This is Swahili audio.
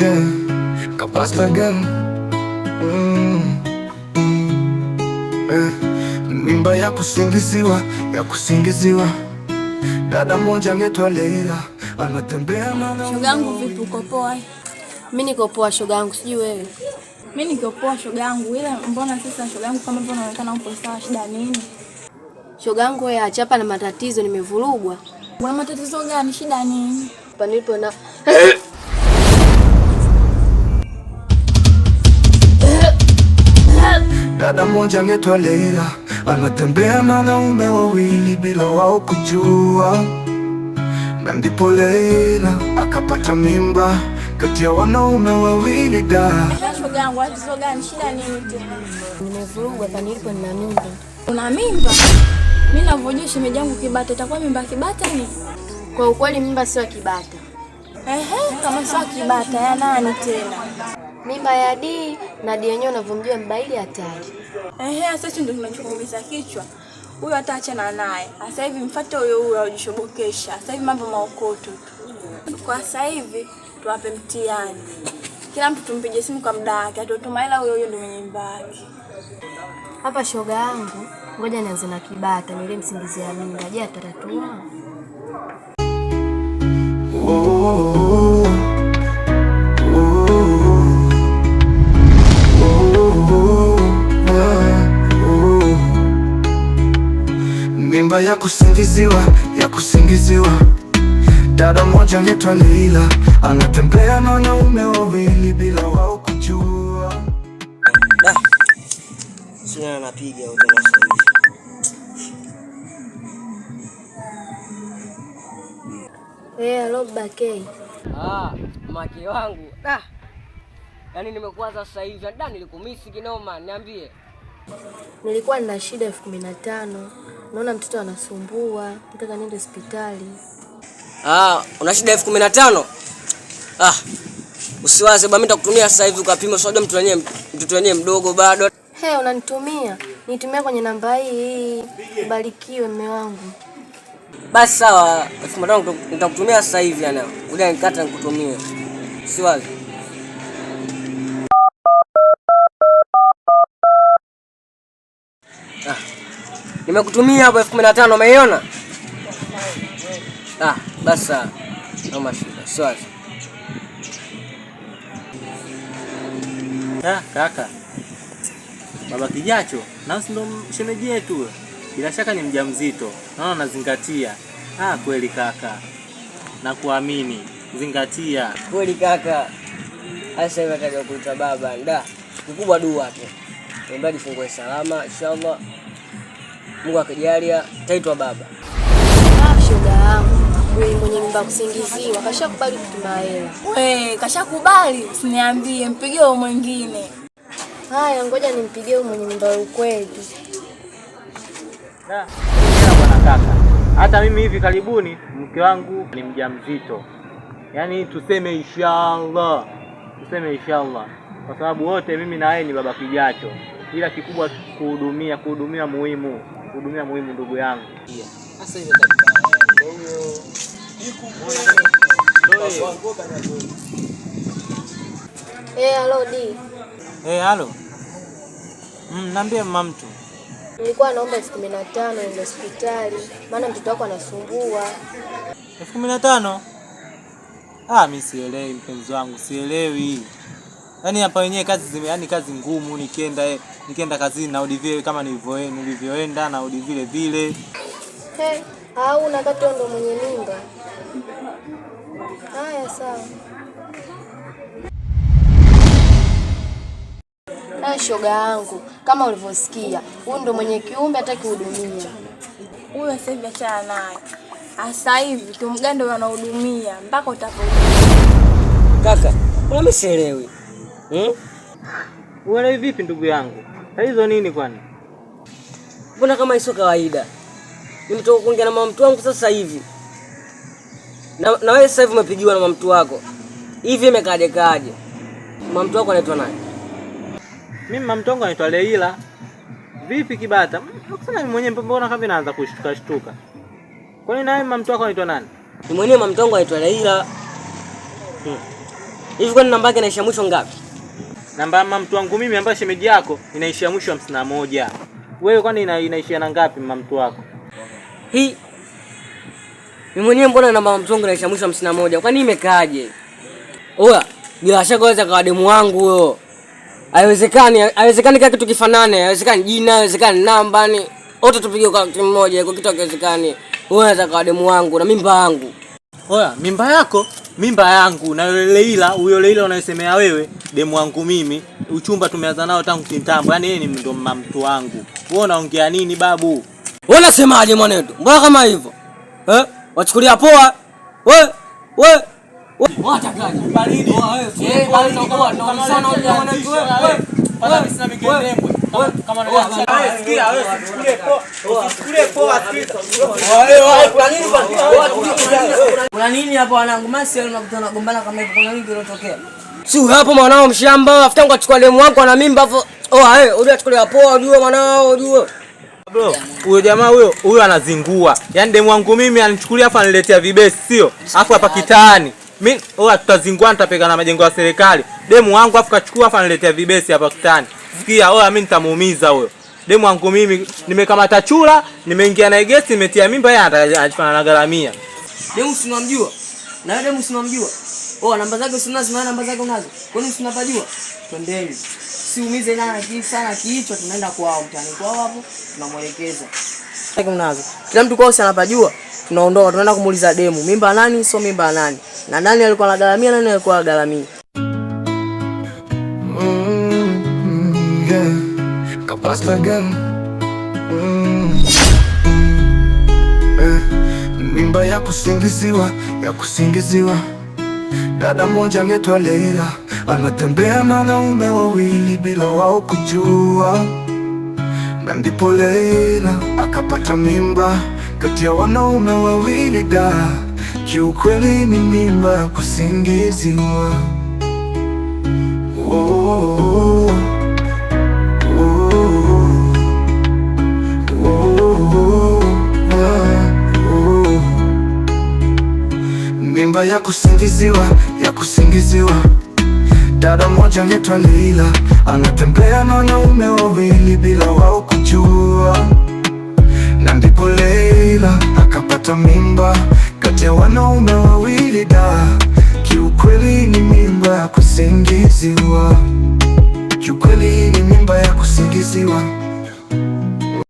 again, come talaga again. mm, mm. Eh, mimba ya kusingiziwa ya kusingiziwa dada moja anaitwa Leila anatembea na shogangu. Vipi, uko poa? Mimi niko poa shogangu, sijui wewe. Mimi niko poa shogangu, ila mbona sasa shogangu kama mbona unaonekana uko sawa, shida nini? Shogangu wewe achapa na matatizo, nimevurugwa. Una matatizo gani? Shida nini? Panipo na eh, Dada mmoja anaitwa Leila anatembea na wanaume wawili bila wao kujua, na ndipo Leila akapata mimba kati ya wanaume wawili. Da, mimba. Una mimba? Mimi navojua shemeji yangu kibata, itakuwa mimba kibata ni kwa ukweli, mimba sio kibata. Ehe, kama sio kibata ya nani tena? Mimba ya na Dii yenyewe unavyomjua mbaili hatari Ehe, sasa hicho ndio kinachokuumiza kichwa. Huyo hata achana naye. Sasa hivi mfuate huyo huyo ajishobokesha. Sasa hivi mambo maokoto tu. Kwa sasa hivi tuwape mtihani. Kila mtu tumpige simu kwa muda wake. Atutumaila huyo huyo ndio mwenye yake. Hapa shoga yangu, ngoja nianze na kibata, nile msingizi ya mimba. Je, atatuma? kusingiziwa, ya kusingiziwa. Dada mmoja anaitwa Leila anatembea na wanaume wawili bila wao kujua. Hey, eh, hello, Ah, maki wangu Ah. yaani nimekuwaza sasa hivi yaani da, nilikumisi kinoma. Niambie, nilikuwa nina shida elfu kumi na tano naona mtoto anasumbua, nataka niende hospitali. Ah, una shida elfu kumi na tano? Ah, usiwaze bwana, mimi nitakutumia sasa hivi ukapima. Unajua mtoto wenyewe mtoto wenyewe mdogo bado. He, unanitumia nitumia kwenye namba hii. Barikiwe mume wangu. Basi sawa, elfu kumi na tano nitakutumia sasa hivi, ngoja nikata nikutumie, usiwaze. Nimekutumia hapo elfu kumi na tano umeiona? Ah, basa Noma shida. Swali. Ah, kaka. Baba Kijacho, na ndo shemeji yetu. Bila shaka ni mjamzito. Naona nazingatia. Ah, kweli kaka. Nakuamini. Zingatia. Kweli kaka. Asa hivi ataja kuita baba. Nda. Kikubwa dua tu. Mbadi fungue salama inshallah. Mungu akijalia taitwa baba. Ah, shoga yangu wewe mwenye mimba kusingiziwa kashakubali kutuma hela. Wewe kashakubali, usiniambie, mpigie mwingine. Haya, ngoja nimpigie mwenye mimba ukweli. Bwana kaka, hata mimi hivi karibuni mke wangu ni mjamzito, yaani tuseme inshallah, tuseme inshallah, kwa sababu wote mimi na yeye ni baba kijacho, ila kikubwa kuhudumia, kuhudumia muhimu kuhudumia muhimu, ndugu yangu. halo eh, D. Eh, hey, halo. Mm, mama mtu. Nilikuwa naomba elfu kumi na tano ende hospitali maana mtoto wako anasumbua. elfu kumi na tano? Ah, mi sielewi mpenzi wangu, sielewi. Yaani hapa wenyewe kazi zime, yani kazi ngumu, nikienda nikienda kazini narudi vile kama nilivyoenda narudi vile vile. Hey, au na kati ndo mwenye mimba. Haya sawa. Na shoga yangu kama ulivyosikia, huyu ndo mwenye kiumbe hataki Huyo sasa hivi achana naye. Ah, asa hivi kiumbe anahudumia mpaka utapo. Kaka, kuna Eh? Uelewi vipi ndugu yangu? Hizo nini kwani? Mbona kama hizo kawaida? Nimetoka kuongea na mamtu wangu sasa hivi. Na, na wewe sasa hivi umepigiwa na mamtu wako. Hivi imekaje kaje? Mamtu wako anaitwa nani? Mimi mamtu wangu anaitwa Leila. Vipi kibata? Nakusema mimi mwenyewe mbona kama vinaanza kushtuka shtuka. Kwa nini naye mamtu wako anaitwa nani? Mimi mwenyewe mamtu wangu anaitwa Leila. Hmm. Hivi hmm. Kwani namba yake inaisha mwisho ngapi? Namba mama mtu wangu mimi ambaye shemeji yako inaishia mwisho hamsini na moja. Wewe kwani ina, inaishia na ngapi mama mtu wako? Hii mimi mwenyewe mbona namba mtu wangu inaishia mwisho hamsini na moja? Kwani imekaje? Oya, bila shaka waweza kwa demu wangu huyo. Haiwezekani, haiwezekani kila kitu kifanane, haiwezekani jina, haiwezekani namba ni. Wote tupige kwa mtu mmoja, kwa kitu hakiwezekani. Wewe unaweza kwa demu wangu na mimba yangu. Oya, mimba yako? mimba yangu na Leila, huyo Leila unayesemea wewe, demu wangu mimi, uchumba tumeanza nao tangu kitambo, yani yeye ni ndo mtu wangu. Wewe unaongea nini babu? Wewe unasemaje mwanetu? Mbona kama hivyo eh? Wachukulia poa wewe wewe eh, baridi. Wewe sana wewe. Wewe sina kuna nini hapo wanangu? nagombana kama hivyo, kuna nini kilotokea? Si hapo mwanao mshamba, achukua wangu ana mimba hapo. Oh, achukulia poa, ujue mwanao, ujue. Bro, huyo jamaa huyo, huyo anazingua. Yaani demu wangu mimi anichukulia hapa aniletea vibesi, sio? afu hapa kitaani. Mimi, oh, tutazingua nitapigana na majengo ya serikali. Demu wangu afu kachukua hapa aniletea vibesi hapa kitaani. Sikia wewe, mimi nitamuumiza huyo demu wangu. Mimi nimekamata chura, nimeingia na gesti, nimetia mimba, yeye na gharamia. Demu sinamjua na yule demu sinamjua. Oh, namba zake usinazo na namba zake unazo. kwani usinapajua? Twendeni. Siumize nana kii sana kichwa. tunaenda kwao mtani kwao hapo, tunamwelekeza. Zake unazo. Kila mtu kwao usinapajua. Tunaondoka tunaenda kumuuliza demu, mimba nani sio mimba nani? Na nani alikuwa anagaramia nani alikuwa anagaramia? Pastagan mm. Eh, mimba ya kusingiziwa ya kusingiziwa. Dada moja anaitwa Leila anatembea na wanaume wawili bila wao kujua, na ndipo Leila akapata mimba kati ya wanaume wawili da. Kiukweli ni mimba ya kusingiziwa oh. oh, oh, oh. Mimba ya kusingiziwa, ya kusingiziwa. Dada moja anaitwa Leila anatembea na wanaume wawili bila wao kujua, na ndipo Leila akapata mimba kati ya wanaume wawili. Da, kiukweli ni mimba ya kusingiziwa, kiukweli ni mimba ya kusingiziwa.